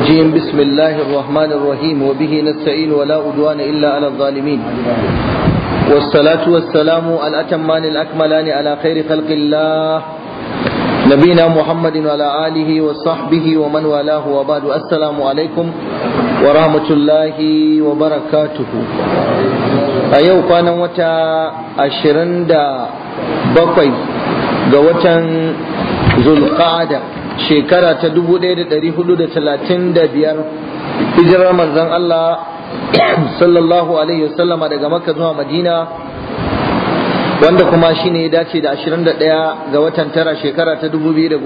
الرجيم بسم الله الرحمن الرحيم وبه نستعين ولا أدوان إلا على الظالمين والصلاة والسلام الأتمان الأكملان على خير خلق الله نبينا محمد وعلى آله وصحبه ومن والاه وبعد السلام عليكم ورحمة الله وبركاته أيوة كان وتا أشرندا بقي قوة ذو القعده shekara ta 1435 hijirar manzon Allah sallallahu alaihi wasallama daga makka zuwa madina wanda kuma shi ne ya dace da 21 ga watan tara shekara ta 2014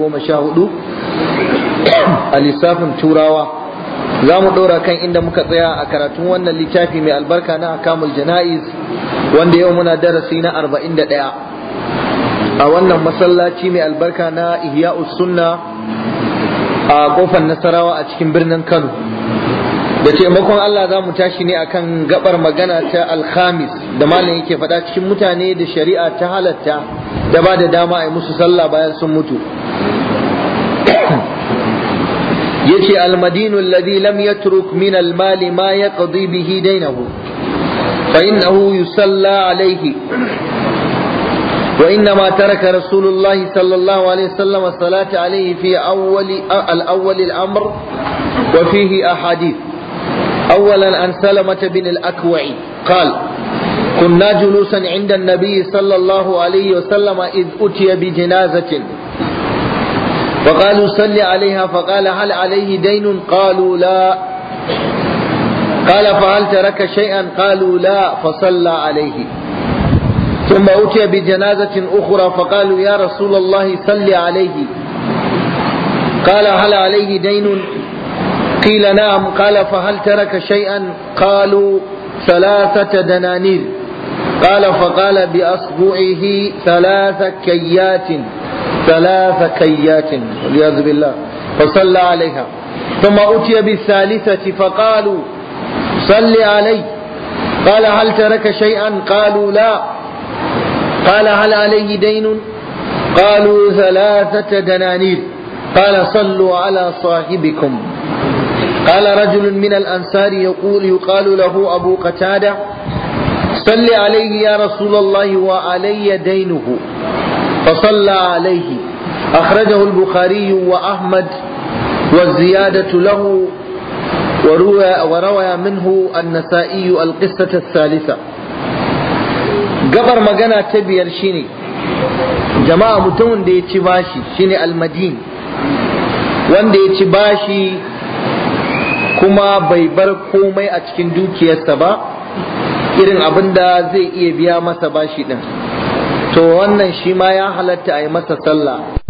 a lissafin turawa za mu ɗora kan inda muka tsaya a karatun wannan littafi mai albarka na akamul jana'iz wanda yau muna darasi na 41 a wannan masallaci mai albarka na ihya'us sunna a kofar nasarawa a cikin birnin kano da taimakon Allah za mu tashi ne akan gabar magana ta alhamis da malam yake faɗa cikin mutane da shari'a ta halatta da ba da dama a yi musu sallah bayan sun mutu yace almadinu alladhi lam yatruk min almali ma yaqdi bihi dainahu fa innahu yusalla alayhi وإنما ترك رسول الله صلى الله عليه وسلم الصلاة عليه في أول الأول الأمر وفيه أحاديث أولا عن سلمة بن الأكوع قال كنا جلوسا عند النبي صلى الله عليه وسلم إذ أتي بجنازة فقالوا صل عليها فقال هل عليه دين قالوا لا قال فهل ترك شيئا قالوا لا فصلى عليه ثم أتي بجنازة أخرى فقالوا يا رسول الله صل عليه قال هل عليه دين قيل نعم قال فهل ترك شيئا قالوا ثلاثة دنانير قال فقال بأصبعه ثلاث كيات ثلاث كيات والعياذ بالله فصلى عليها ثم أتي بالثالثة فقالوا صل عليه قال هل ترك شيئا قالوا لا قال هل عليه دين قالوا ثلاثة دنانير قال صلوا على صاحبكم قال رجل من الأنصار يقول يقال له أبو قتادة صل عليه يا رسول الله وعلي دينه فصلى عليه أخرجه البخاري وأحمد والزيادة له وروى, وروى منه النسائي القصة الثالثة gabar magana ta biyar shine jama'a mutumin da ya ci bashi shine almadin wanda ya ci bashi kuma bai bar komai a cikin dukiyarsa ba irin abin da zai iya biya masa bashi din to wannan shi ma ya halatta a yi masa sallah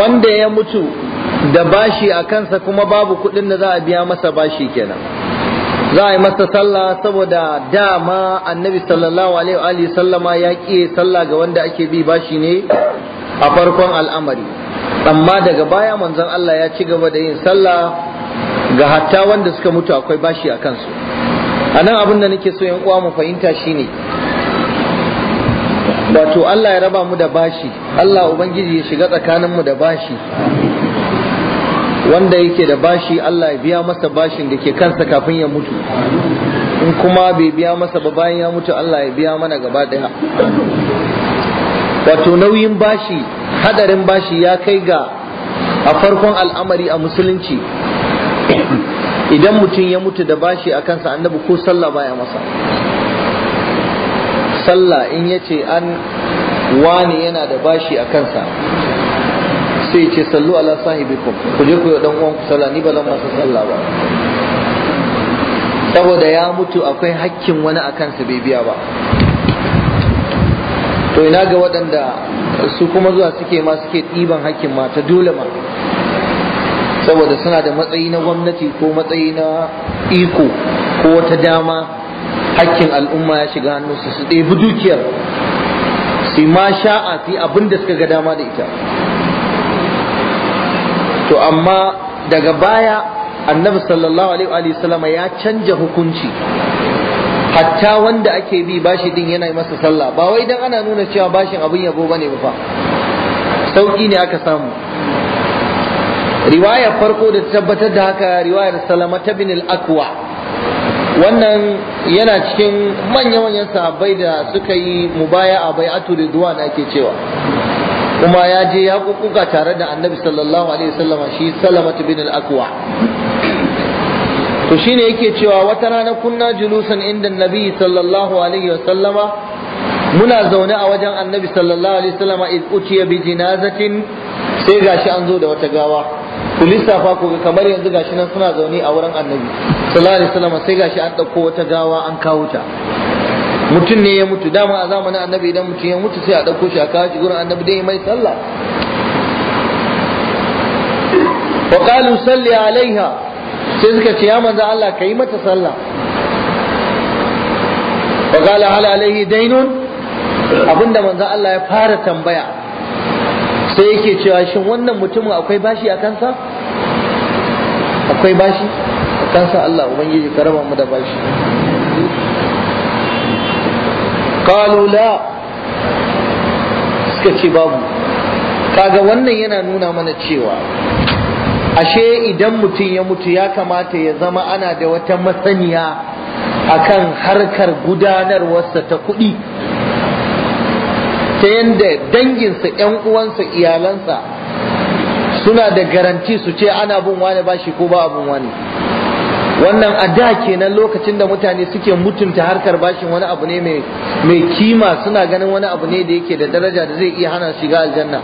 wanda ya mutu da bashi a kansa kuma babu kuɗin da za a biya masa bashi kenan za a yi masa sallah saboda dama annabi sallallahu alaihi sallama ya ƙi sallah ga wanda ake bi bashi ne a farkon al'amari amma daga baya manzon Allah ya ci gaba da yin sallah ga hatta wanda suka mutu akwai bashi a kansu a nan abin da nake so yan uwa mu fahimta shine wato Allah ya raba mu da bashi Allah ubangiji ya shiga tsakanin mu da bashi wanda yake da bashi Allah ya biya masa bashin da ke kansa kafin ya mutu in kuma bai biya masa ba bayan ya mutu Allah ya biya mana gaba daya wato nauyin bashi hadarin bashi ya kai ga a farkon al'amari a musulunci idan mutum ya mutu da bashi a kansa annabi ko sallah baya masa sallah in yace ce an wani yana da bashi a kansa sai ce sallu ala sahibikum ku je ku dan uwanku sallah ni ba zan masa sallah ba saboda ya mutu akwai hakkin wani a kansa bai biya ba to ina ga waɗanda su kuma zuwa suke ma suke ɗiban hakkin mata dole ma saboda suna da matsayi na gwamnati ko matsayi na iko ko wata dama hakkin al'umma ya shiga hannunsu su ɗebi dukiyar su ma sha'a fi abin da suka ga dama da ita to amma daga baya annabi sallallahu alaihi wa sallam ya canja hukunci hatta wanda ake bi bashi din yana masa sallah ba wai dan ana nuna cewa bashin abin yabo bane ba sauki ne aka samu riwayar farko da tabbatar da haka riwayar salama bin al-akwa wannan yana cikin manya-manyan sahabbai da suka yi mubaya a bai'atu ridwan ake cewa kuma ya je ya kukuka tare da annabi sallallahu alaihi wasallam shi salamatu bin al-akwa to shine yake cewa wata rana kunna julusan inda Nabi sallallahu alaihi wasallama muna zaune a wajen annabi sallallahu alaihi wasallama iz utiya bi jinazatin sai gashi an zo da wata gawa Kulisa lissafa ko kamar yanzu gashi nan suna zaune a wurin annabi sallallahu alaihi wasallam sai gashi an dauko wata gawa an kawo ta mutum ne ya mutu dama a zamanin annabi idan mutum ya mutu sai a dauko shi a kawo shi gurin annabi dai mai sallah wa qalu salli alaiha sai suka ce ya manzo Allah kai mata sallah wa qala ala alaihi dainun abinda manzo Allah ya fara tambaya sai yake cewa shin wannan mutumin akwai bashi a kansa akwai bashi a kansa Allah ubangiji ka raba mu da bashi qalu la suka ce babu kaga wannan yana nuna mana cewa ashe idan mutum ya mutu ya kamata ya zama ana da wata masaniya akan harkar gudanarwarsa ta kuɗi ta yadda danginsa yan uwansa iyalansa suna da garanti su ce ana bin wani bashi ko ba abin wani wannan a da kenan lokacin da mutane suke mutunta harkar bashin wani abu ne mai kima suna ganin wani abu ne da yake da daraja da zai iya hana shiga aljanna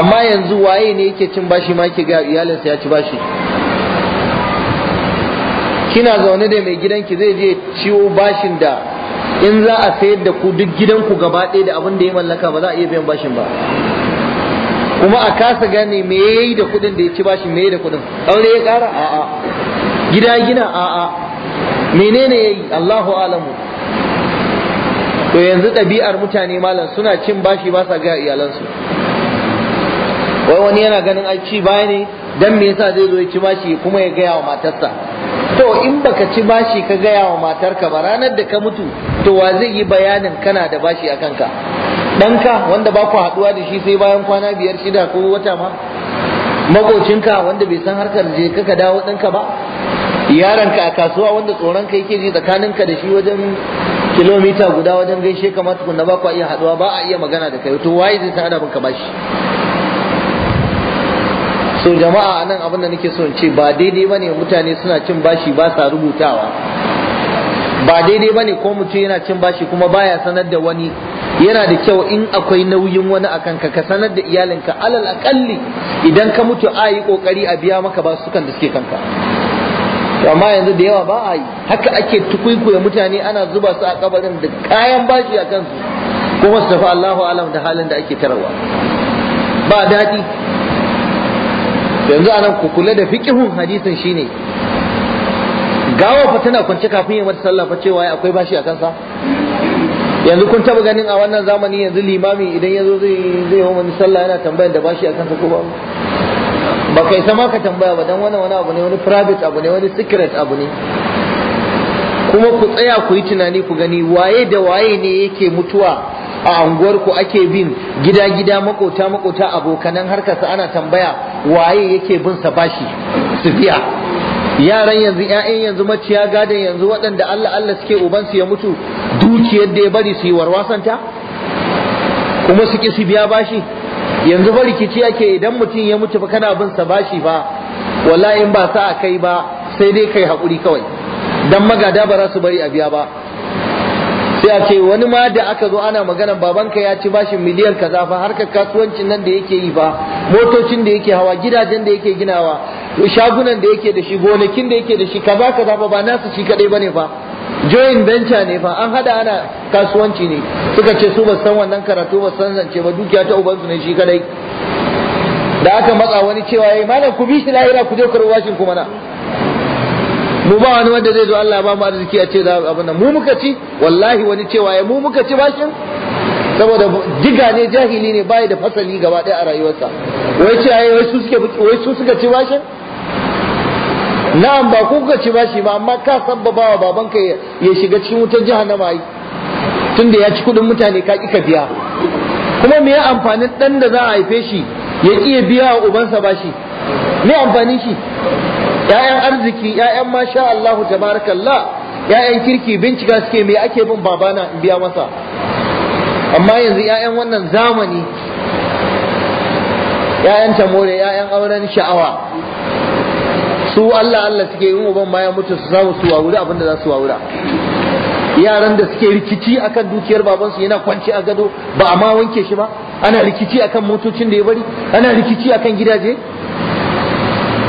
amma yanzu waye ne yake cin bashi ma ke ga iyalinsa ya ci bashi kina zaune da mai gidanki zai je ciwo bashin da in za a sayar da ku duk gidanku gaba ɗaya da abin da ya mallaka ba za a iya biyan bashin ba kuma a kasa gane me ya da kuɗin da ya ci bashin me ya da kuɗin aure ya ƙara a'a gida gina a'a menene ya Allahu alamu to yanzu ɗabi'ar mutane malam suna cin bashi ba sa ga iyalansu wai wani yana ganin ai ci baya ne dan me yasa zai zo ya ci bashi kuma ya gaya wa matarsa to in baka ci bashi ka gaya wa matarka ba ranar da ka mutu to wa zai yi bayanin kana da bashi a kanka ɗanka wanda ba ku haɗuwa da shi sai bayan kwana biyar shida ko wata ma makocinka wanda bai san harkar je kaka dawo ɗanka ba yaronka a kasuwa wanda tsoron ka yake ji tsakaninka da shi wajen kilomita guda wajen gaishe kamar tukunna ba ku iya haɗuwa ba a iya magana da kai to waye zai ta adabin ka bashi so jama'a nan abin da nake so in ce ba daidai bane mutane suna cin bashi ba sa rubutawa ba daidai bane ko mutum yana cin bashi kuma baya sanar da wani yana da kyau in akwai nauyin wani akan ka ka sanar da iyalinka alal akalli idan ka mutu a yi kokari a biya maka ba sukan da suke kanka amma yanzu da yawa ba a yi haka ake tukuikuya mutane ana zuba su a kabarin da kayan bashi a kansu kuma su tafi Allahu alam da halin da ake tarawa ba daɗi yanzu anan ku kula da fiqhun hadisin shine gawa fa tana kwance kafin ya mata sallah fa cewa akwai bashi a kansa yanzu kun taba ganin a wannan zamani yanzu limami idan yazo zai zai yi wani sallah yana tambayar da bashi a kansa ko ba ba kai sama ka tambaya ba dan wannan wani abu ne wani private abu ne wani secret abu ne kuma ku tsaya ku yi tunani ku gani waye da waye ne yake mutuwa a anguwar ku ake bin gida gida makota makota abokanan harkarsa ana tambaya waye yake bin sa bashi su fiya. yaran yanzu ƴaƴan yanzu maciya gadan yanzu waɗanda Allah Allah suke ubansu ya mutu dukiyar da ya bari su yi warwasanta kuma su ki su biya bashi yanzu ba rikici yake idan mutum ya mutu fa kana bin sa bashi ba wallahi in ba sa kai ba sai dai kai hakuri kawai dan magada ba za su bari a biya ba sai a ce wani ma da aka zo ana magana babanka ya ci bashin miliyan kaza fa harkar kasuwancin nan da yake yi fa motocin da yake hawa gidajen da yake ginawa shagunan da yake da shi gonakin da yake da shi kaza kaza fa ba nasu shi kadai bane fa joint venture ne fa an hada ana kasuwanci ne suka ce su ba san wannan karatu ba san zance ba dukiya ta ubansu ne shi kadai da aka matsa wani cewa yayi eh, malam ku bi shi lahira ku je ku ruwa kuma na mu ba wani wanda zai zo Allah ba mu arziki a ce abin nan mu muka ci wallahi wani cewa ya mu muka ci bakin saboda diga ne jahili ne bai da fasali gaba ɗaya a rayuwarsa wai ce ai wai su suke wai su suka ci bashin na'am ba ku kuka ci bashi ba amma ka sabbaba wa babanka ya shiga cikin wutar jahannama ai tunda ya ci kudin mutane ka ka biya kuma me ya amfanin dan da za a haife shi ya iya biya wa ubansa bashi me amfanin shi 'ya'yan arziki 'ya'yan masha Allahu tabarakallah 'ya'yan kirki bincika suke me ake bin babana in biya masa amma yanzu 'ya'yan wannan zamani 'ya'yan tamore 'ya'yan auren sha'awa su Allah Allah suke yin uban bayan mutu su samu su wawura abinda za su wawura yaran da suke rikici akan dukiyar babansu yana kwanci a gado ba a ma wanke shi ba ana rikici akan motocin da ya bari ana rikici akan gidaje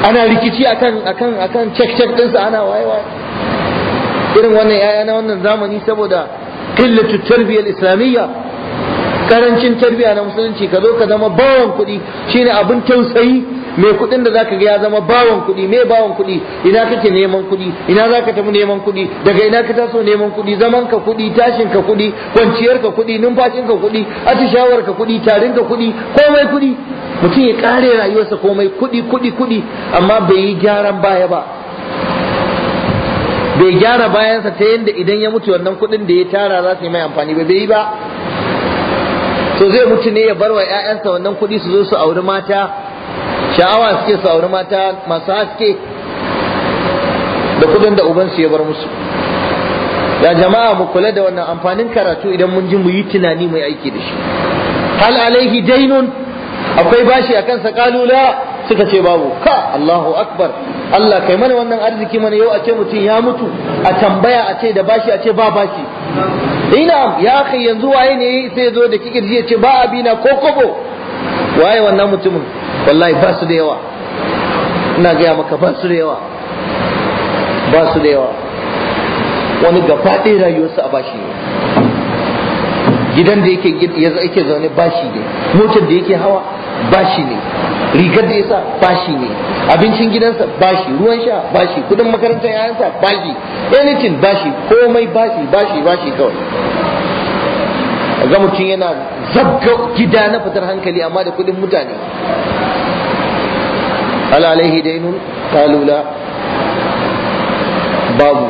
ana rikici akan akan akan cek cek ɗinsa ana waye waye irin wannan yaya na wannan zamani saboda qillatu tarbiyyal islamiyya karancin tarbiyya na musulunci ka zo ka zama bawan kuɗi shine abin tausayi mai kuɗin da zaka ga ya zama bawan kuɗi me bawan kuɗi ina kake neman kuɗi ina zaka tafi neman kuɗi daga ina ka taso neman kuɗi zaman ka kuɗi tashin ka kuɗi kwanciyar ka kuɗi numfashin ka kuɗi atishawar ka kuɗi tarin ka kuɗi komai kuɗi mutum ya kare rayuwarsa komai kuɗi kuɗi kuɗi amma bai yi gyaran baya ba bai gyara bayansa ta yanda idan ya mutu wannan kuɗin da ya tara za su yi mai amfani ba bai yi ba to zai mutu ne ya barwa wa 'ya'yansa wannan kuɗi su zo su auri mata sha'awa suke sauri mata masu haske da kudin da ubansu ya bar musu ya jama'a mu kula da wannan amfanin karatu idan mun ji mu yi tunani mai aiki da shi hal alaihi dainun akwai bashi a kansa kalula suka ce babu ka Allahu akbar Allah kai mana wannan arziki mana yau a ce mutum ya mutu a tambaya a ce da bashi a ce ba bashi ina ya kai yanzu waye ne sai zo da kikirji ya ce ba abina ko kobo waye wannan mutumin wallahi ba su da yawa ina gaya maka ba su da yawa ba su da yawa wani gaba ɗaya rayuwarsa a bashi ne gidan da yake yake zaune bashi ne motar da yake hawa bashi ne rigar da yasa bashi ne abincin gidansa bashi ruwan sha bashi kudin makarantar yayansa bashi anything bashi komai bashi bashi bashi kawai kaga mutum yana zabga gida na fitar hankali amma da kudin mutane hal alaihi dainun kalula babu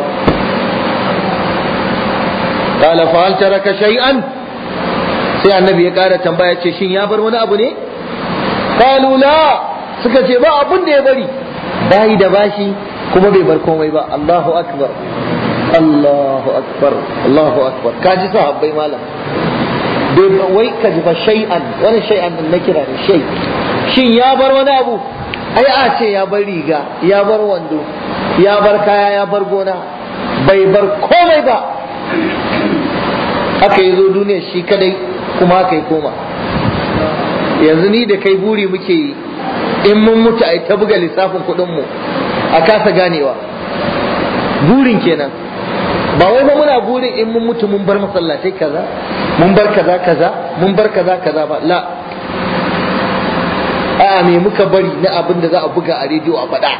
kala fa taraka shay'an sai annabi ya kara tambaya ce shin ya bar wani abu ne kalula suka ce ba abun da ya bari bayi da bashi kuma bai bar komai ba Allahu akbar Allahu akbar Allahu akbar kaji sahabbai malam wai ka ji ba shay'an wani shay'an na kira da shay shin ya bar wani abu ai a ce ya bar riga ya bar wando ya bar kaya ya bar gona bai bar komai ba aka yi zo duniya shi kadai kuma aka yi koma yanzu ni da kai buri muke yi in mun mutu a ta buga lissafin kuɗinmu a kasa ganewa burin kenan ba wai ba muna burin in mun mutu mun bar masallatai kaza mun bar kaza kaza mun bar kaza kaza ba la a'a me muka bari na abin da za a buga a rediyo a faɗa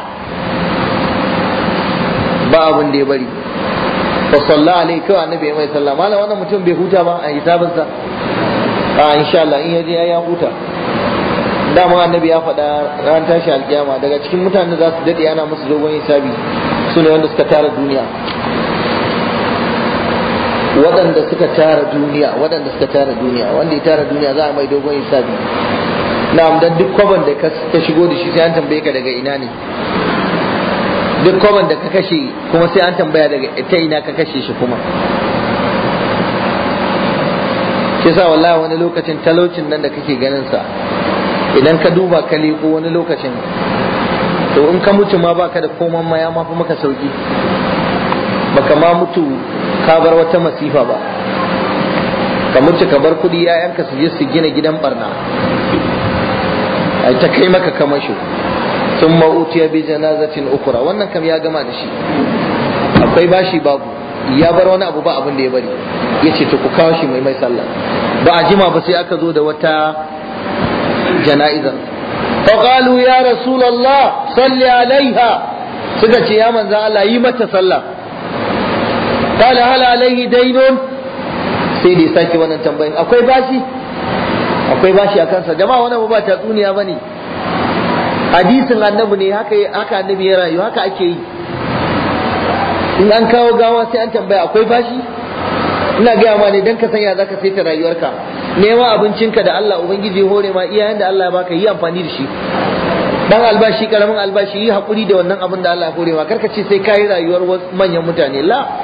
ba abin da ya bari fa sallallahu alaihi wa annabi mai sallah malam wannan mutum bai huta ba a hisabinsa a insha Allah in yaje ya huta dama annabi ya faɗa ran tashi alkiyama daga cikin mutanen da za su daɗe ana musu dogon hisabi su ne wanda suka tara duniya waɗanda suka tara duniya waɗanda suka tara duniya wanda ya tara duniya za a mai dogon hisabi na'am dan duk kwaban da ka shigo da shi sai an tambaye ka daga ina ne duk kwaban da ka kashe kuma sai an tambaya daga ta ina ka kashe shi kuma shi sa wallahi wani lokacin talaucin nan da kake ganin sa idan ka duba ka leko wani lokacin to in ka mutu ma baka da koman ma ya mafi maka sauki baka ma mutu ka bar wata masifa ba Kamar mutu ka bar kudi yayanka su je su gina gidan barna ai ta kai maka kamasho sun ma'utiya bi janazatin ukura wannan kam ya gama da shi akwai bashi babu ya bar wani abu ba abin da ya bari ya ce to ku kawo shi mai mai sallah ba a jima ba sai aka zo da wata jana'izar فقالوا ya رسول الله صل suka ce ya manzan Allah yi mata sallah qala hal alaihi daynun sai dai sake wannan tambayin akwai bashi akwai bashi a kansa jama'a wannan ba tatsuniya bane hadisin annabi ne haka haka annabi ya rayu haka ake yi in an kawo gawa sai an tambaya akwai bashi ina gaya ma ne dan ka sanya zaka saita rayuwarka nema abincin ka da Allah ubangiji hore ma iyayen da Allah ya baka yi amfani da shi dan albashi karamin albashi yi hakuri da wannan abin da Allah ya hore ma karka ce sai kai rayuwar manyan mutane la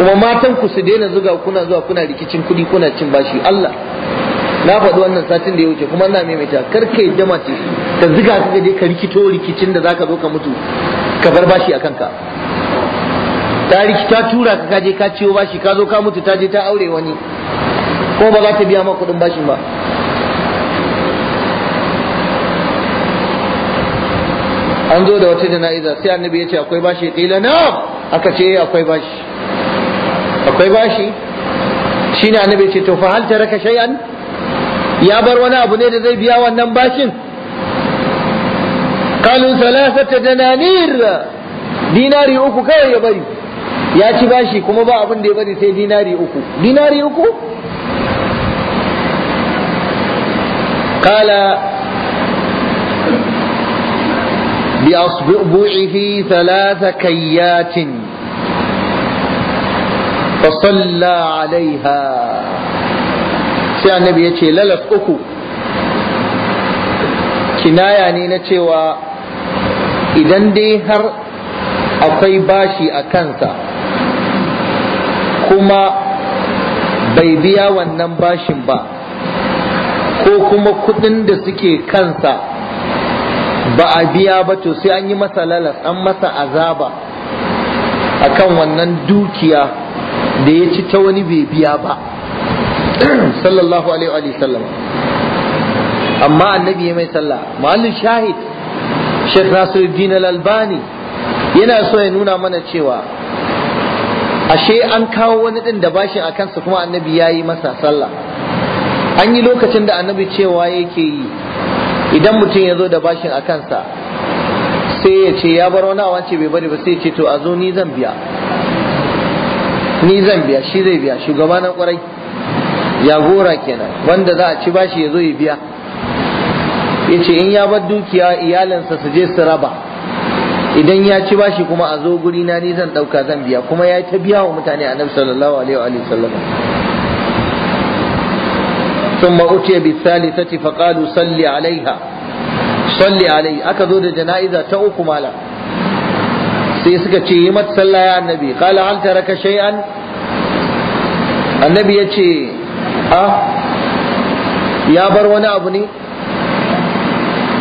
kuma matan ku su daina zuga kuna zuwa kuna rikicin kuɗi kuna cin bashi Allah na faɗi wannan satin da ya wuce kuma ina maimaita kar ka yadda mace ka zuga ka ga ka rikito rikicin da zaka zo ka mutu ka bar bashi a kanka ta rikita tura ka kaje ka ciwo bashi ka zo ka mutu ta je ta aure wani ko ba za ta biya ma kuɗin bashin ba an zo da wata jana'iza sai annabi ya ce akwai bashi ya qila na aka ce eh, akwai bashi akwai bashi shine annabi ce to fa hal taraka shay'an ya bar wani abu ne da zai biya wannan bashin qalu thalathata dananir dinari uku kawai ya bari ya ci bashi kuma ba abin da ya bari sai dinari uku dinari uku قال بأصبعه ثلاث كيات fa salla alaiha sai annabi ya ce lalas uku kinaya ne na cewa idan dai har akwai bashi a kansa kuma bai biya wannan bashin ba ko kuma kudin da suke kansa ba a biya ba to sai an yi masa lalas an masa azaba akan wannan dukiya da ya ci ta wani bai biya ba sallallahu alaihi wa sallam amma annabi ya mai sallah mahallin shahid Sheikh Nasiruddin Al-Albani yana so ya nuna mana cewa ashe an kawo wani din da bashin a kansa kuma annabi ya yi masa salla an yi lokacin da annabi cewa yake yi idan mutum ya zo da bashin a kansa sai ya ce ya bar wani awance bai bari ba sai ya ce to a zo ni zan biya ni zan biya shi zai biya shugaba na kwarai ya gora kenan wanda za a ci bashi ya zo ya biya ya ce in ya bar dukiya iyalinsa su je su raba idan ya ci bashi kuma a zo guri na ni zan ɗauka zan biya kuma ya ta biya wa mutane annabi sallallahu alaihi wa sallam ثم أتي بالثالثة salli alaiha aka zo da jana'iza ta uku malam. sai suka ce yi mata sallah ya annabi qala hal shai shay'an annabi ya ce a ah, ya bar wani abu ne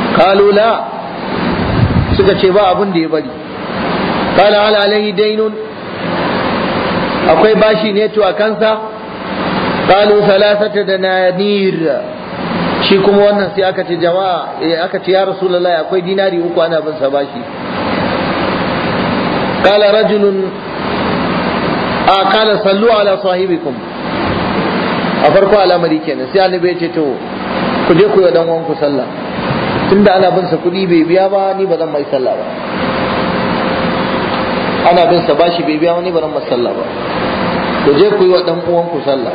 Kalula la suka ce ba abun da ya bari Kala hal alayhi dainun akwai bashi ne to a kansa Kalu da na nira. shi kuma wannan sai aka ce jama'a eh, aka ce ya rasulullahi akwai dinari uku ana bin sa bashi قال رجل آه قال صلوا على صاحبكم أفرقوا على مريكين سيعني بيتشتو كجيكو يدن وانكو صلى tunda ana bin sa kuɗi bai biya ba ni ba zan mai sallah ba ana bin sa bashi bai biya ba ni ba zan mai sallah ba to je ku yi wa dan uwan ku sallah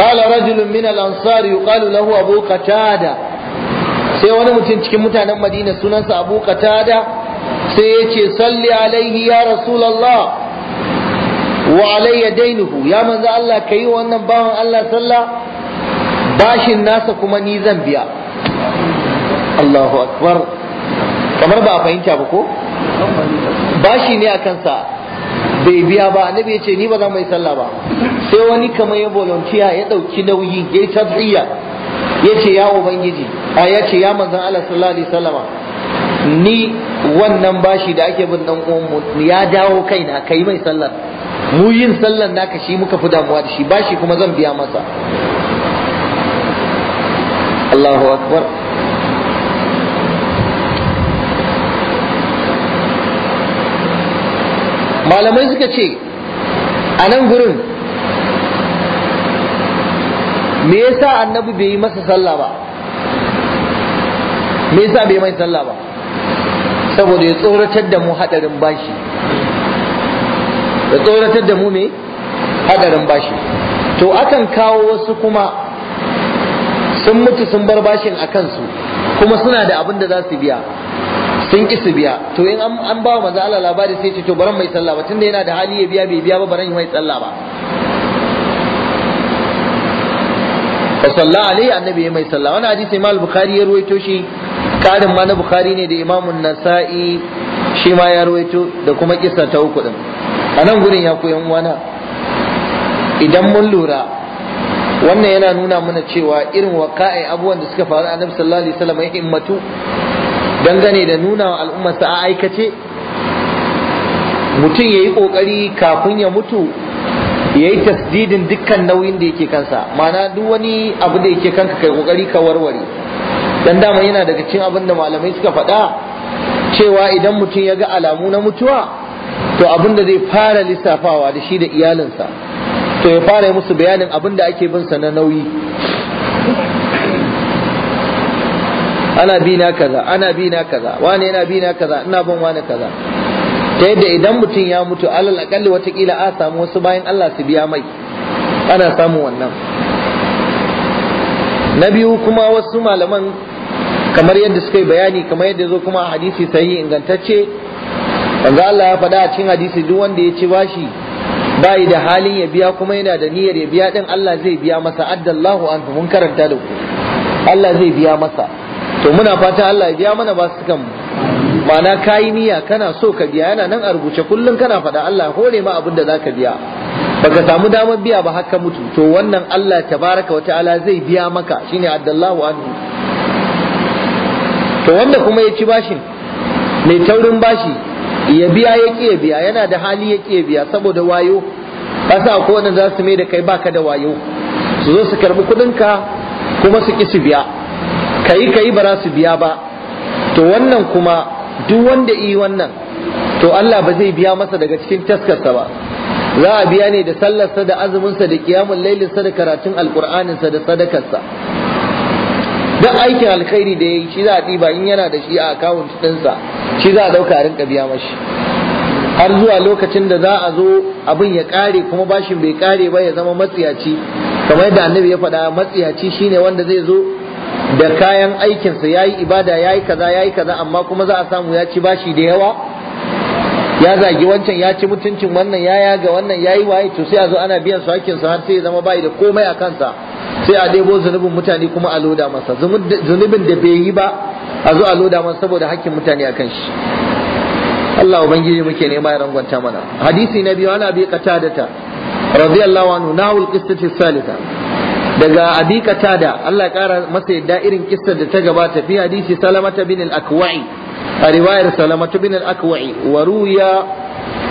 qala rajulun min al ansar yuqalu lahu abu qatada sai wani mutum cikin mutanen madina sunansa abu qatada sai ya ce salli alaihi ya rasulallah wa alayya dainuhu ya manzo Allah ka yi wannan bawan Allah sallah bashin nasa kuma ni zan biya Allahu akbar kamar ba a fahimta ba ko bashi ne a kansa bai biya ba annabi ya ce ni ba zan mai sallah ba sai wani kamar ya volunteer ya dauki nauyi ya yi ya ce ya ubangiji a ya ce ya manzan Allah sallallahu alaihi wasallama ni wannan bashi da ake bin dan uwanmu ya dawo kaina kai mai sallar mu yin sallar naka shi muka fi damuwa da shi bashi kuma zan biya masa Allahu akbar malamai suka ce a nan gurin me yasa annabi bai yi masa sallah ba me yasa bai mai sallah ba saboda ya tsoratar da mu hadarin bashi ya tsoratar da mu me hadarin bashi to akan kawo wasu kuma sun mutu sun bar bashin a kansu kuma suna da abin da za su biya sun ki su biya to in an ba maza Allah labari sai ce to baran mai sallah ba tunda yana da hali ya biya bai biya ba baran mai sallah ba fa sallallahu alaihi annabi mai sallah wani hadisi Imam Bukhari ya ruwaito shi karin ma na bukhari ne da imamun nasa'i shi ma ya rawaito da kuma kisa ta uku din a nan gurin ya koyan wana idan mun lura wannan yana nuna mana cewa irin waka'ai abubuwan da suka faru a nabi sallallahu alaihi wasallam ya himmatu dangane da nuna wa sa a aikace mutum yayi kokari kafin ya mutu yayi tasdidin dukkan nauyin da yake kansa ma'ana duk wani abu da yake kanka kai kokari ka warware dan dama yana daga cikin abin da malamai suka faɗa cewa idan mutum ya ga alamu na mutuwa to abin da zai fara lissafawa da shi da iyalinsa to ya fara yi musu bayanin abin da ake bin sa na nauyi ana bi na kaza ana bi na kaza wani yana bi na kaza ina bin wani kaza ta yadda idan mutum ya mutu alal akalli watakila a samu wasu bayan Allah su biya mai ana samu wannan na biyu kuma wasu malaman kamar yadda suka yi bayani kamar yadda zo kuma hadisi hadisi sahihi ingantacce manzo Allah ya faɗa a cikin hadisi duk wanda ya ci bashi bai da halin ya biya kuma yana da niyyar ya biya din Allah zai biya masa addallahu anhu mun karanta da ku Allah zai biya masa to muna fatan Allah ya biya mana ba su kan ma'ana kayi niyya kana so ka biya yana nan a rubuce kullum kana faɗa Allah hore ma abin da zaka biya baka samu damar biya ba haka mutu to wannan Allah tabaraka wa ta'ala zai biya maka shine addallahu anhu to wanda kuma ya ci bashin mai taurin bashi ya biya ya ya biya yana da hali ya ya biya saboda wayo ƙasa ko wanda za su mai da kai baka da wayo su zo su karbi kuɗinka kuma su ƙi su biya kayi kayi ba za su biya ba to wannan kuma duk wanda yi wannan to Allah ba zai biya masa daga cikin taskarsa ba za a biya ne da sallarsa da azuminsa da kiyamun lailinsa da karatun alkur'aninsa da sadakarsa duk aikin alkhairi da ya yi shi za a ɗiba in yana da shi a akawun ɗinsa shi za a ɗauka a rinka biya mashi har zuwa lokacin da za a zo abin ya ƙare kuma bashin bai ƙare ba ya zama matsiyaci kamar yadda annabi ya faɗa matsiyaci shine wanda zai zo da kayan aikinsa ya yi ibada ya yi kaza ya yi kaza amma kuma za a samu ya ci bashi da yawa ya zagi wancan ya ci mutuncin wannan ya yaga wannan ya yi waye to sai a zo ana biyan su hakkinsa har sai ya zama bai da komai a kansa sai a debo zunubin mutane kuma a loda masa zunubin da bai yi ba a zo a loda masa saboda hakkin mutane akan shi Allah ubangiji muke nema ya rangwanta mana hadisi na biyu ana abi qatadata radiyallahu anhu nahul qistati salisa daga abi qatada Allah ya kara masa yadda irin kissar da ta gabata fi hadisi salamata bin al-akwai a riwayar salamata bin al-akwai wa ruya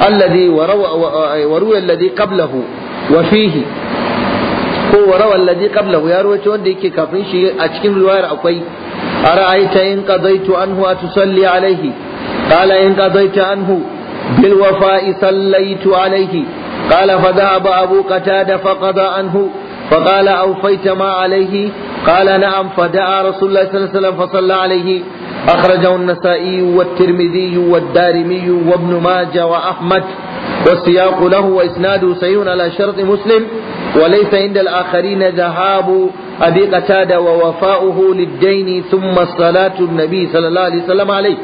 alladhi wa ruya alladhi qablahu wa fihi ko warawa ladi kabla ya rawaito wanda yake kafin shi a cikin riwayar akwai ara'aita in qadaitu anhu atusalli alaihi qala in anhu bil wafa'i sallaitu alaihi qala fa dhahaba abu qatada fa qada anhu فقال أوفيت ما عليه قال نعم فدعا رسول الله صلى الله عليه wa فصلى عليه أخرجه النسائي والترمذي والدارمي وابن ماجه وأحمد والسياق له وإسناده سيئ على شرط مسلم وليس عند الآخرين ذهاب أبي قتادة ووفاؤه للدين ثم صلاة النبي صلى الله عليه وسلم عليه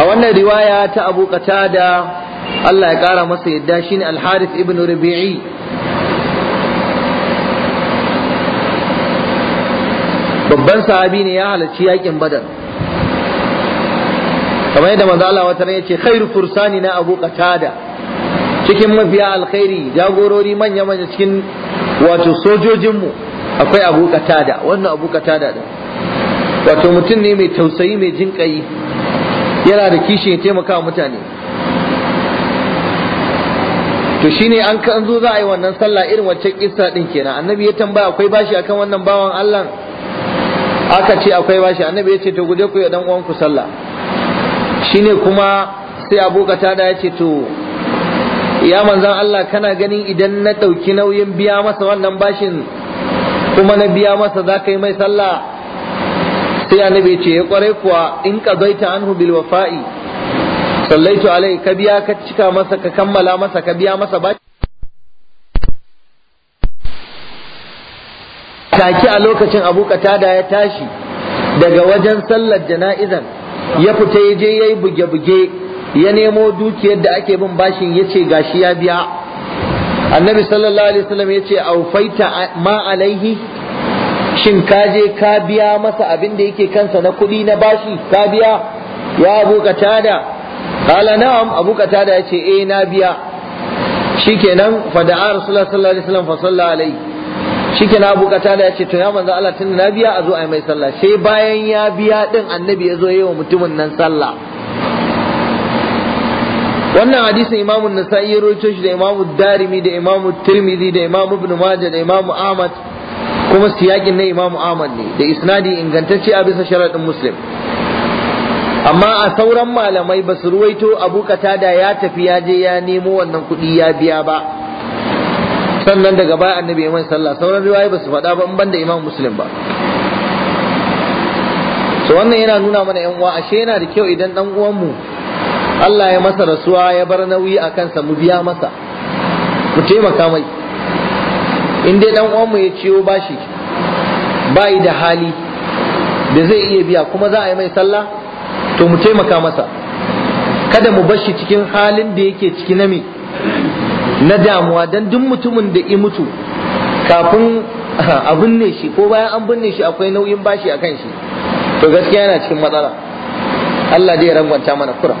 أو أن رواية أبو قتادة الله يقال مصر الداشين الحارث ابن ربيعي babban sahabi ne ya halarci yakin badar kamar yadda manzo Allah wata ya ce khairu fursani na abu qatada cikin mafiya alkhairi jagorori manya manya cikin wato sojojinmu akwai abu katada wannan abu katada da wato mutum ne mai tausayi mai jinƙayi yana da kishi ya taimaka mutane to shine an kan zo za a yi wannan sallah irin wacce kissa din kenan annabi ya tambaya akwai bashi akan wannan bawan Allah aka ce akwai bashi annabi ya ce to guje ku ya dan uwanku sallah shine kuma sai abokata da ya ce to ya manzan Allah kana ganin idan na ɗauki nauyin biya masa wannan bashin kuma na biya masa za ka yi mai sallah sai annabi ce ya kware kuwa in ka qadaita anhu bil wafa'i sallaitu alai ka biya ka cika masa ka kammala masa ka biya masa bashi take a lokacin abu katada ya tashi daga wajen sallar jana'izan ya fita ya je ya yi buge-buge ya nemo dukiyar da ake bin bashin ya ce gashi ya biya annabi sallallahu alaihi wasallam ya ce aufaita ma alaihi shin ka je ka biya masa abin da yake kansa na kuɗi na bashi ka biya ya abu katada qala na'am abu katada ya ce eh na biya shikenan fa da'a rasulullah sallallahu alaihi wasallam fa salla alaihi shikenan abu katada ya ce to ya manzo Allah tunda na biya a zo a yi mai sallah sai bayan ya biya din annabi ya zo yayin wa mutumin nan sallah wannan hadisin imamun nasa'i ya rawaito shi da imamu darimi da imamu tirmidhi da imamu ibn majah da imamu ahmad kuma siyakin na imamu ahmad ne da isnadi ingantacce a bisa sharaɗin muslim amma a sauran malamai ba su ruwaito abu da ya tafi ya je ya nemo wannan kuɗi ya biya ba sannan daga baya annabi ya mai sallah sauran riwaye ba su faɗa ba in ban da imam muslim ba To wannan yana nuna mana yan uwa ashe yana da kyau idan dan uwanmu mu Allah ya masa rasuwa ya bar nauyi a kansa mu biya masa mu taimaka mai in dai dan mu ya ciyo bashi bayi da hali da zai iya biya kuma za a yi mai sallah to mu taimaka masa kada mu bashi cikin halin da yake ciki na me na damuwa dan duk mutumin da i mutu kafin a binne shi ko bayan an binne shi akwai nauyin bashi akan shi to gaskiya yana cikin matsala Allah dai ya rangwanta mana kura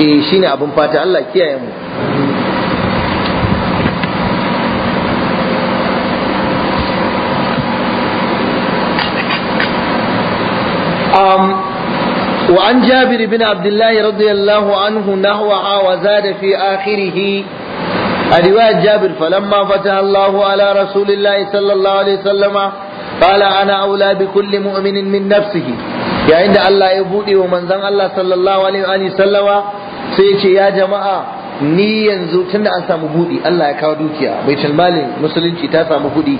eh shine abin fata Allah kiyaye mu وعن جابر بن عبد الله رضي الله عنه نحوها وزاد في آخره رواية جابر فلما فتح الله على رسول الله صلى الله عليه وسلم قال أنا أولى بكل مؤمن من نفسه يعني الله يبودي ومن زن الله صلى الله عليه وآله وسلم sai ya ce ya jama'a ni yanzu tun da an samu buɗi Allah ya kawo dukiya baitul talmalin musulunci ta samu kuɗi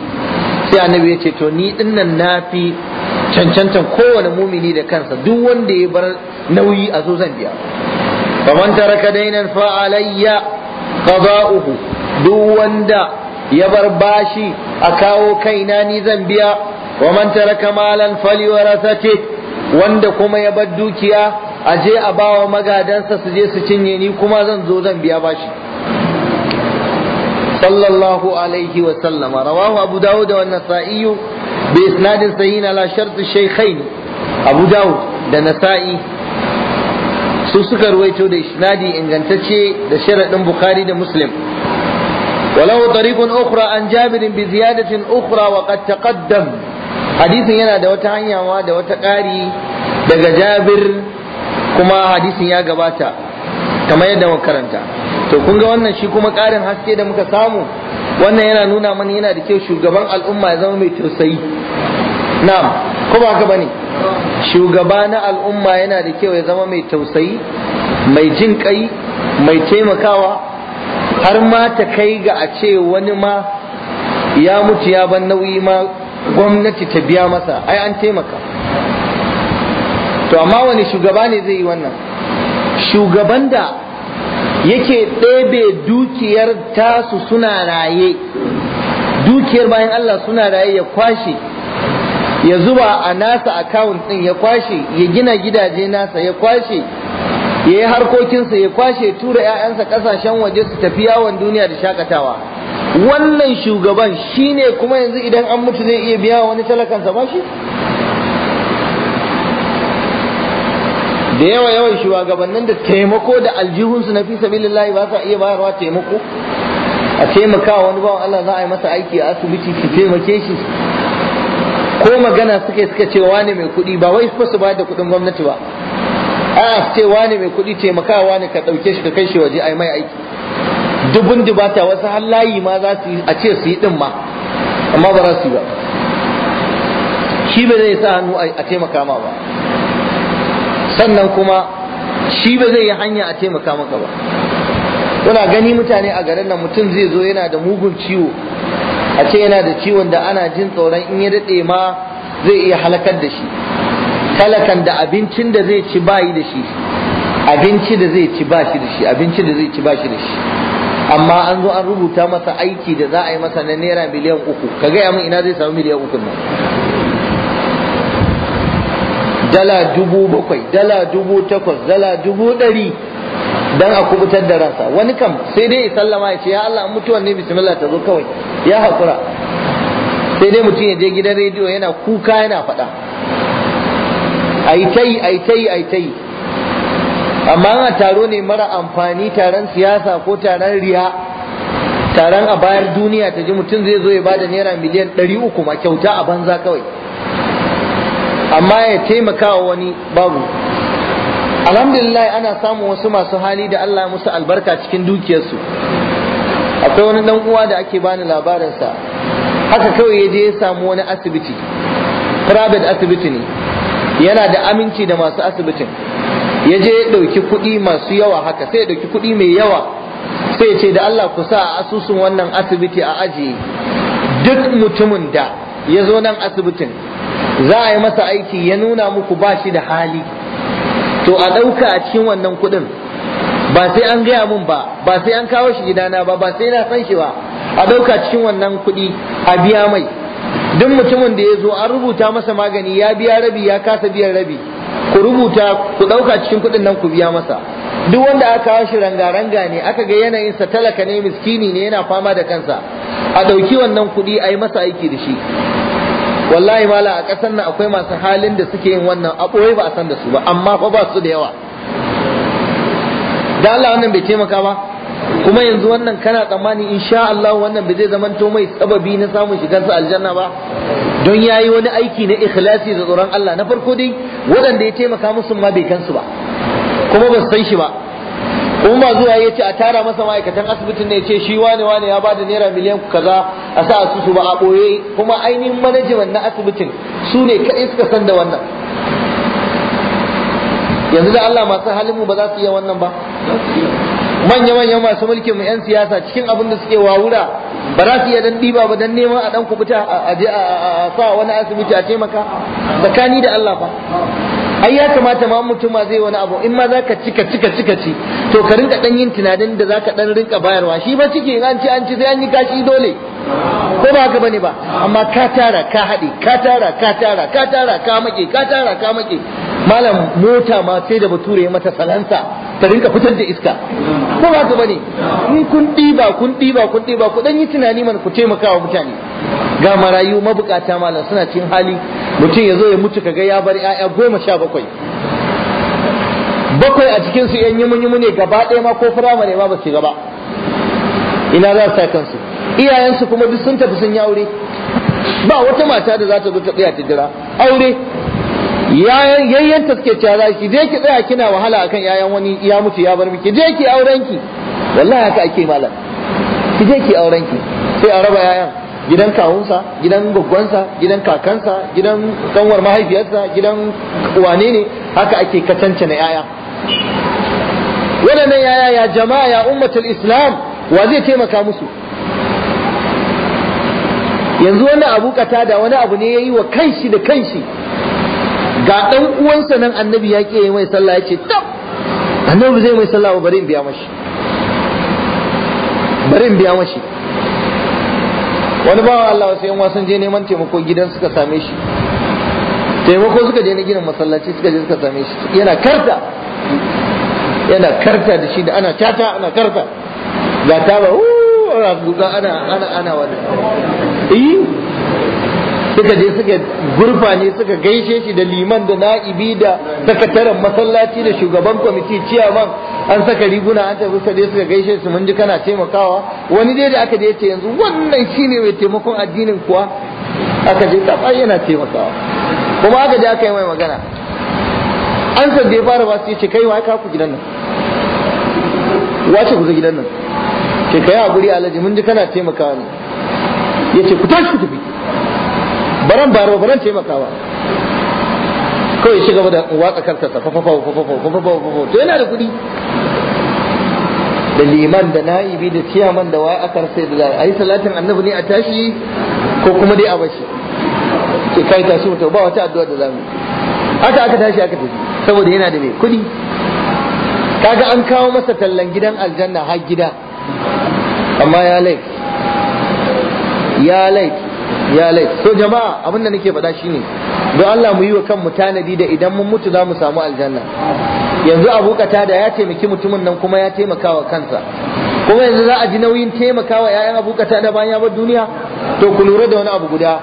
sai annabi ya ce to ni dinnan na fi cancantan kowane mumini da kansa duk wanda ya bar nauyi a zo zan biya faman taraka dainan fa alayya qada'uhu duk wanda ya bar bashi a kawo kaina ni zan biya wa man taraka malan fali warasati wanda kuma ya bar dukiya a je a bawa magadansa su je su cinye ni kuma zan zo zan biya bashi sallallahu alaihi wa sallama rawahu abu dawud da nasa'i bi isnadin sahihin ala shart shaykhain abu dawud da nasa'i su suka ruwaito da isnadi ingantacce da sharadin bukhari da muslim وله طريق أخرى عن جابر بزيادة أخرى وقد تقدم حديث ينا دوتا da wata قاري daga جابر kuma hadisin ya gabata kamar yadda muka karanta to kun ga wannan shi kuma ƙarin haske da muka samu wannan yana nuna mana yana da kyau shugaban al'umma ya zama mai tausayi na'am ko ba ka bane shugaba na al'umma yana da kyau ya zama mai tausayi mai jin kai mai taimakawa har ma ta kai ga a ce wani ma ya mutu ya ban nauyi ma gwamnati ta biya masa ai an taimaka to amma wani shugaba ne zai yi wannan shugaban da yake ɗebe dukiyar tasu suna raye dukiyar bayan Allah suna raye ya kwashe ya zuba a nasa akawun ɗin ya kwashe ya gina gidaje nasa ya kwashe ya yi harkokinsa ya kwashe tura 'ya'yansa kasashen waje su tafi yawon duniya da shakatawa wannan shugaban shine kuma yanzu idan an mutu zai iya biya wani talakansa ba shi da yawa yawan shugabannin da taimako da aljihunsu na fi sabilillahi ba sa iya bayarwa taimako a taimaka wani bawan Allah za a yi masa aiki a asibiti su taimake shi ko magana suka suka ce wane mai kuɗi ba wai su ba da kuɗin gwamnati ba a ce wane mai kuɗi taimakawa ne ka ɗauke shi ka kai shi waje a yi mai aiki dubun dubata wasu har layi ma za su a ce su yi ɗin ma amma ba za su yi ba shi ba zai sa hannu a taimaka ma ba sannan kuma shi ba zai yi hanya a taimaka maka ba kuna gani mutane a garin nan mutum zai zo yana da mugun ciwo a ce yana da ciwon da ana jin tsoron in ya daɗe ma zai iya halakar da shi talakan da abincin da zai ci bayi da shi abinci da zai ci bashi da shi abinci da zai ci bashi da shi amma an zo an rubuta masa aiki da za a yi masa na naira miliyan uku ka gaya min ina zai samu miliyan uku nan dala dubu bakwai dala dubu takwas dala dubu ɗari dan a kubutar da ransa wani kam sai dai ya sallama ya ce ya Allah mutuwan ne bismillah ta zo kawai ya haƙura sai dai mutum ya je gidan rediyo yana kuka yana faɗa aitai aitai aitai amma a taro ne mara amfani taron siyasa ko taron riya taron a bayar duniya ta ji mutum zai zo ya bada naira miliyan ɗari uku ma kyauta a banza kawai amma ya taimaka wa wani babu alhamdulillah ana samun wasu masu hali da Allah musu albarka cikin dukiyarsu akwai wani dan uwa da ake bani labarinsa haka kawai ya je ya samu wani asibiti private asibiti ne yana da aminci da masu asibitin ya je ya ɗauki kuɗi masu yawa haka sai ya ɗauki kuɗi mai yawa sai ya ce da Allah ku sa a asusun wannan asibiti a ajiye duk mutumin da ya zo nan asibitin za a yi masa aiki ya nuna muku ba shi da hali to a ɗauka a cikin wannan kuɗin ba sai an gaya mun ba ba sai an kawo shi gidana ba ba sai na san shi ba a ɗauka cikin wannan kuɗi a biya mai duk mutumin da ya zo an rubuta masa magani ya biya rabi ya kasa biyan rabi ku rubuta ku ɗauka cikin kuɗin nan ku biya masa duk wanda aka kawo shi rangaranga ne aka ga yanayinsa talaka ne miskini ne yana fama da kansa a ɗauki wannan kuɗi a yi masa aiki da shi wallahi mala a ƙasar nan akwai masu halin da suke yin wannan a ɓoye ba a san da su ba amma fa ba su da yawa da Allah wannan bai taimaka ba kuma yanzu wannan kana tsammani insha Allah wannan bai zai zamanto mai sababi na samun shigar sa aljanna ba don yayi wani aiki na ikhlasi da tsoron Allah na farko dai waɗanda ya taimaka musu ma bai kansu ba kuma ba su san shi ba kuma ba zuwa ya ce a tara masa ma'aikatan asibitin ne ce shi wane wane ya bada naira miliyan kaza a sa asusu ba a boye kuma ainihin manajiman na asibitin su ne kaɗai suka san da wannan yanzu da Allah masu halin mu ba za su iya wannan ba manya manya masu mulkin mu yan siyasa cikin abin da suke wawura ba za su iya dan diba ba dan neman a dan kubuta a sa wani asibiti a taimaka tsakani da Allah ba. ai ya kamata ma mutum ma zai wani abu in ma zaka cika cika cika ci to ka rinka dan yin tunanin da zaka dan rinka bayarwa shi ba ciki in an ci an ci sai an yi kashi dole ko ba haka bane ba amma ka tara ka haɗe ka tara ka tara ka tara ka make ka tara ka make malam mota ma sai da bature ya mata salansa ta rinka fitar da iska ko ba haka bane in kun diba kun diba kun diba ku dan yi tunani man ku taimaka wa mutane ga marayu mabukata malam suna cin hali mutum ya zo ya mutu kaga ya bar 'ya'ya goma sha bakwai bakwai a cikinsu yan yi ne gaba ɗaya ma ko firamare ma ba su gaba ina za su sa kansu iyayensu kuma duk sun tafi sun yi aure ba wata mata da za ta zo ta tsaya ta jira aure yayan yayyan ta suke cewa je ki tsaya kina wahala akan yayan wani ya mutu ya bar miki je ki auren ki wallahi haka ake malam ki je ki auren ki sai a raba yayan gidan kawunsa gidan gwaggwansa gidan kakansa gidan kanwar mahaifiyarsa gidan wane ne haka ake katance na yaya waɗannan yaya ya jama'a ya ummatul islam wa zai taimaka musu yanzu wani abu da wani abu ne yayi wa kanshi da kanshi ga dan uwansa nan annabi ya ke mai sallah ya ce tab annabi zai mai sallah ba bari in biya mashi bari in biya mashi wani bawa Allah sai yan sun je neman taimako gidan suka same shi taimako suka je na ginin masallaci suka je suka same shi yana karta yana karta da shi da ana tata ana karta ga ta ba ana ana ana wani suka je suka gurfane suka gaishe shi da liman da na'ibi da sakataren masallaci da shugaban kwamiti ciyaman an saka riguna an tafi suka je suka gaishe su mun ji kana taimakawa wani dai da aka je ce yanzu wannan shine mai taimakon addinin kuwa aka je ka yana taimakawa kuma aka je aka yi mai magana an san da ya fara ba su ce kai wa ka ku gidan nan wace ku gidan nan ke kai a guri alaji mun ji kana taimakawa ne ya ce ku tashi ku tafi baran baro baran taimakawa kawai shi gaba da watsa karkarsa fafafau fafafau to yana da kuɗi da liman da na'ibi da ciyaman da waye akar sai da zai ayi salatin annabi ne a tashi ko kuma dai a bashi ke kai tashi mutum ba wata addu'a da zamu Haka aka tashi aka tafi saboda yana da mai kuɗi kaga an kawo masa tallan gidan aljanna har gida amma ya laifi ya lait ya lait so jama'a abin da nake faɗa shine don Allah mu yi wa kanmu tanadi da idan mun mutu za mu samu aljanna yanzu abu kata da ya taimaki mutumin nan kuma ya taimaka wa kansa kuma yanzu za a ji nauyin taimakawa ‘ya'yan abokata da bayan bar duniya to ku lura da wani abu guda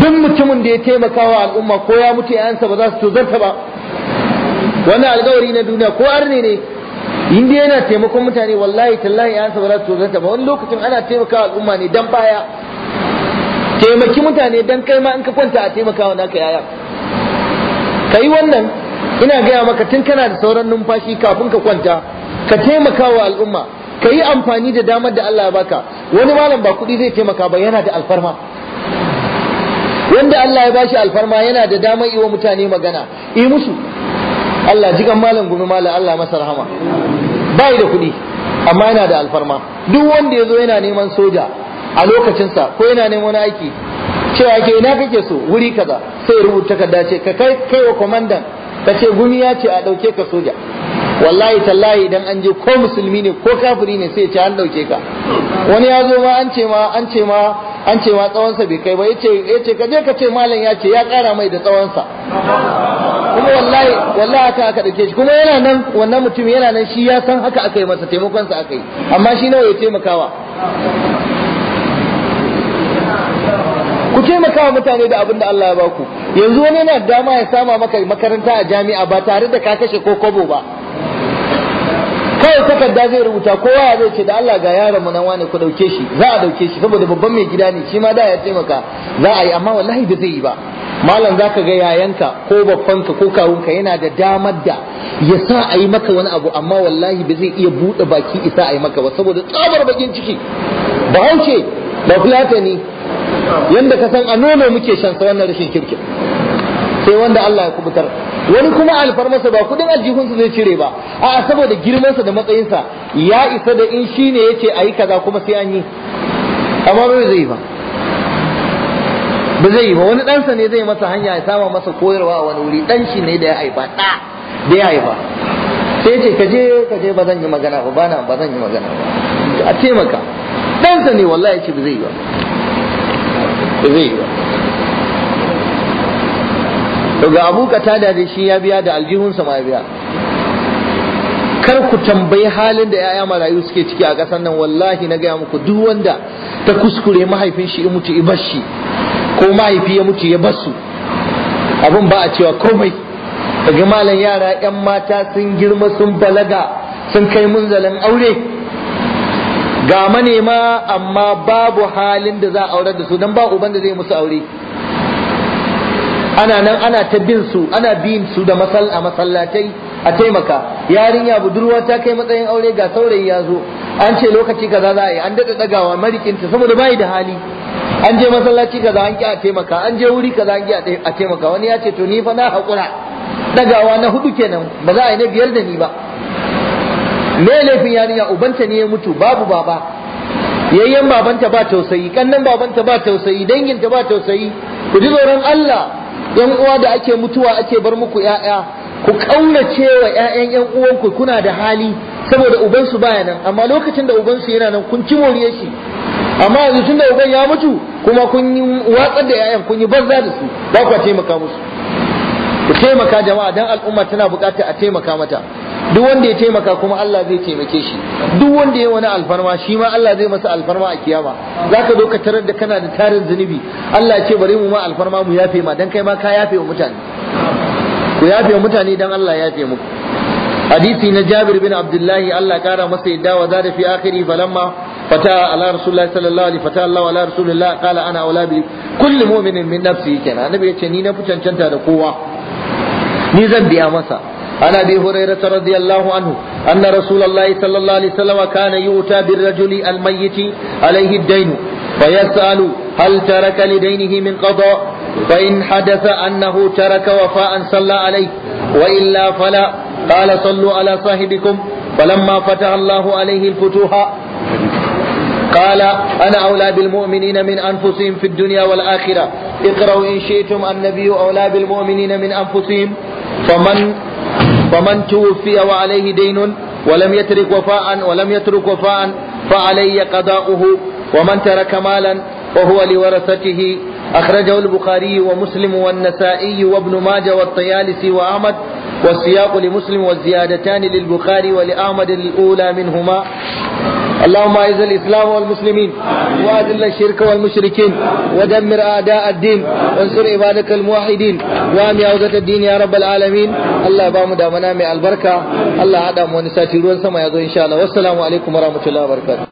duk mutumin da ya taimaka wa al'umma ko ya mutu ‘ya'yansa ba za su tozarta ba wannan alkawari na duniya ko arne ne in dai yana taimakon mutane wallahi tallahi ya sa ba za su wani lokacin ana taimakawa al'umma ne dan baya taimaki mutane dan kai ma in ka kwanta a taimakawa naka yaya Ka yi wannan ina gaya maka tun kana da sauran numfashi kafin ka kwanta ka taimakawa al'umma ka yi amfani da damar da Allah ya baka wani malam ba kuɗi zai taimaka ba yana da alfarma wanda Allah ya bashi alfarma yana da damar yi wa mutane magana yi musu Allah jigan malam gumi malam Allah masa rahama bai da kuɗi amma yana da alfarma duk wanda ya zo yana neman soja a lokacinsa ko yana neman wani aiki cewa yake ina kake so wuri kaza sai rubuta takarda dace, ka kai wa kwamandan ka ce gumi ce a ɗauke ka soja wallahi tallahi idan an je ko musulmi ne ko kafiri ne sai ya ce an ɗauke ka wani ya zo ma an ce ma an ce ma an ce cewa tsawonsa bai kai ba yace yace ka ka ce malam ya ce ya kara mai da tsawonsa kuma wallahi wallahi haka aka dauke shi kuma yana nan wannan mutum yana nan shi ya san haka aka yi masa taimakon sa aka yi amma shi nawa ya taimakawa ku taimakawa mutane da abin da Allah ya baku yanzu wani yana dama ya sama maka makaranta a jami'a ba tare da ka kashe kokobo ba kawai takarda zai rubuta kowa zai ce da Allah ga yaron mu nan wani ku dauke shi za a dauke shi saboda babban mai gida ne shi ma da ya taimaka za a yi amma wallahi ba zai yi ba malam zaka ga yayanka ko babbanka ko kawunka yana da damar da ya sa a yi maka wani abu amma wallahi ba zai iya buɗe baki isa a yi maka ba saboda tsabar bakin ciki ba hauce ba ne yanda ka san a nono muke shan sa wannan rashin kirkin sai wanda Allah ya kubutar wani kuma alfarmasa ba kudin aljihunsa zai cire ba a saboda girmansa da matsayinsa ya isa da in shi ne ya ce a yi kaza kuma sai an yi amma ba zai yi ba ba zai yi ba wani ɗansa ne zai masa hanya ya sama masa koyarwa a wani wuri ɗan shi ne da ya ba ɗa da ya haifa sai ce ka je ka je ba zan yi magana ba bana ba zan yi magana ba a taimaka ɗansa ne wallahi ya ce ba zai yi ba ba zai yi ba to ga abu katada da shi ya biya da sa ma ya biya kar ku tambayi halin da 'ya'ya marayu suke ciki a ƙasar nan wallahi na gaya muku duk wanda ta kuskure mahaifin shi ya mutu ya bar shi ko mahaifi ya mutu ya bar su abin ba a cewa komai daga malam yara 'yan mata sun girma sun balaga sun kai munzalin aure ga manema amma babu halin da za a aurar da su don ba uban da zai musu aure ana nan ana ta bin su ana bin su da masal a masallatai a taimaka yarinya budurwa ta kai matsayin aure ga saurayi ya zo an ce lokaci kaza za a yi an daɗa ɗagawa marikinta saboda bai da hali an je masallaci kaza an ki a taimaka an je wuri kaza an ki a taimaka wani ya ce to ni fa na haƙura ɗagawa na hudu kenan ba za a yi na biyar da ni ba me laifin yarinya ubanta ne ya mutu babu baba yayyen babanta ba tausayi kannan babanta ba tausayi danginta ba tausayi ku ji tsoron Allah yan uwa da ake mutuwa ake bar muku ya'ya ku kaurace wa ƴaƴan ƴan uwanku kuna da hali saboda uban su baya nan amma lokacin da uban su yana nan kun ci moriye shi amma yanzu tunda uban ya mutu kuma kun yi watsar da ƴaƴan kun yi banza da su ba ku taimaka musu ku taimaka jama'a dan al'umma tana bukata a taimaka mata duk wanda ya taimaka kuma Allah zai taimake shi duk wanda ya wani alfarma shi ma Allah zai masa alfarma a kiyama zaka zo ka tarar da kana da tarin zunubi Allah ya ce bari mu ma alfarma mu yafe ma dan kai ma ka yafe wa mutane ku yafe wa mutane dan Allah ya yafe muku hadisi na Jabir bin Abdullahi Allah kara masa yadda wa zada fi akhiri falamma fata ala rasulullahi sallallahu alaihi fata Allah ala rasulillah qala ana aula bi kulli mu'minin min nafsihi kenan annabi yace ni na fi cancanta da kowa ni zan biya masa ana bi hurairah radiyallahu anna rasulullahi kana yuta bir rajuli al mayyiti alaihi ad-dain fa yas'alu hal sahibikum فلما فتح الله عليه الفتوح قال أنا أولى بالمؤمنين من أنفسهم في الدنيا اقرأوا إن شئتم النبي أولى بالمؤمنين من أنفسهم فمن فمن توفي وعليه دين ولم يترك وفاء ولم يترك وفاء فعلي قضاؤه ومن ترك مالا وهو لورثته أخرجه البخاري ومسلم والنسائي وابن ماجه والطيالسي وأحمد والسياق لمسلم والزيادتان للبخاري ولأحمد الأولى منهما اللهم اعز الاسلام والمسلمين واذل الشرك والمشركين ودمر اعداء الدين وانصر عبادك الموحدين وامي عوزة الدين يا رب العالمين الله يبارك دامنا مع البركه الله هذا مو نساتي ruwan sama ya zo insha Allah wassalamu alaikum warahmatullahi wabarakatuh